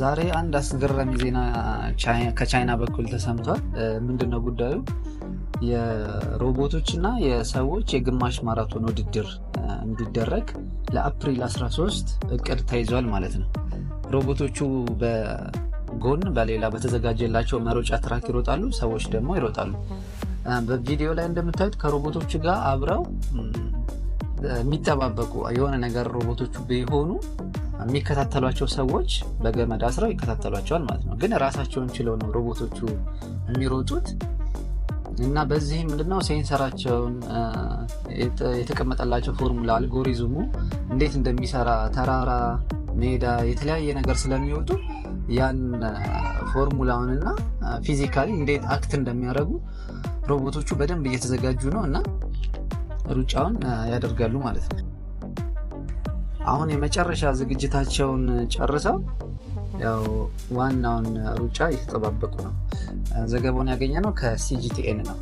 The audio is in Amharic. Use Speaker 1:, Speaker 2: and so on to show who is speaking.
Speaker 1: ዛሬ አንድ አስገራሚ ዜና ከቻይና በኩል ተሰምቷል። ምንድነው ጉዳዩ? የሮቦቶች እና የሰዎች የግማሽ ማራቶን ውድድር እንዲደረግ ለአፕሪል 13 እቅድ ተይዟል ማለት ነው። ሮቦቶቹ በጎን በሌላ በተዘጋጀላቸው መሮጫ ትራክ ይሮጣሉ፣ ሰዎች ደግሞ ይሮጣሉ። በቪዲዮ ላይ እንደምታዩት ከሮቦቶቹ ጋር አብረው የሚጠባበቁ የሆነ ነገር ሮቦቶቹ ቢሆኑ የሚከታተሏቸው ሰዎች በገመድ አስረው ይከታተሏቸዋል ማለት ነው። ግን ራሳቸውን ችለው ነው ሮቦቶቹ የሚሮጡት እና በዚህ ምንድነው ሴንሰራቸውን የተቀመጠላቸው ፎርሙላ አልጎሪዝሙ እንዴት እንደሚሰራ ተራራ፣ ሜዳ፣ የተለያየ ነገር ስለሚወጡ ያን ፎርሙላውንና ፊዚካሊ እንዴት አክት እንደሚያደርጉ ሮቦቶቹ በደንብ እየተዘጋጁ ነው እና ሩጫውን ያደርጋሉ ማለት ነው። አሁን የመጨረሻ ዝግጅታቸውን ጨርሰው ያው ዋናውን ሩጫ እየተጠባበቁ ነው። ዘገባውን
Speaker 2: ያገኘ ነው ከሲጂቲኤን ነው።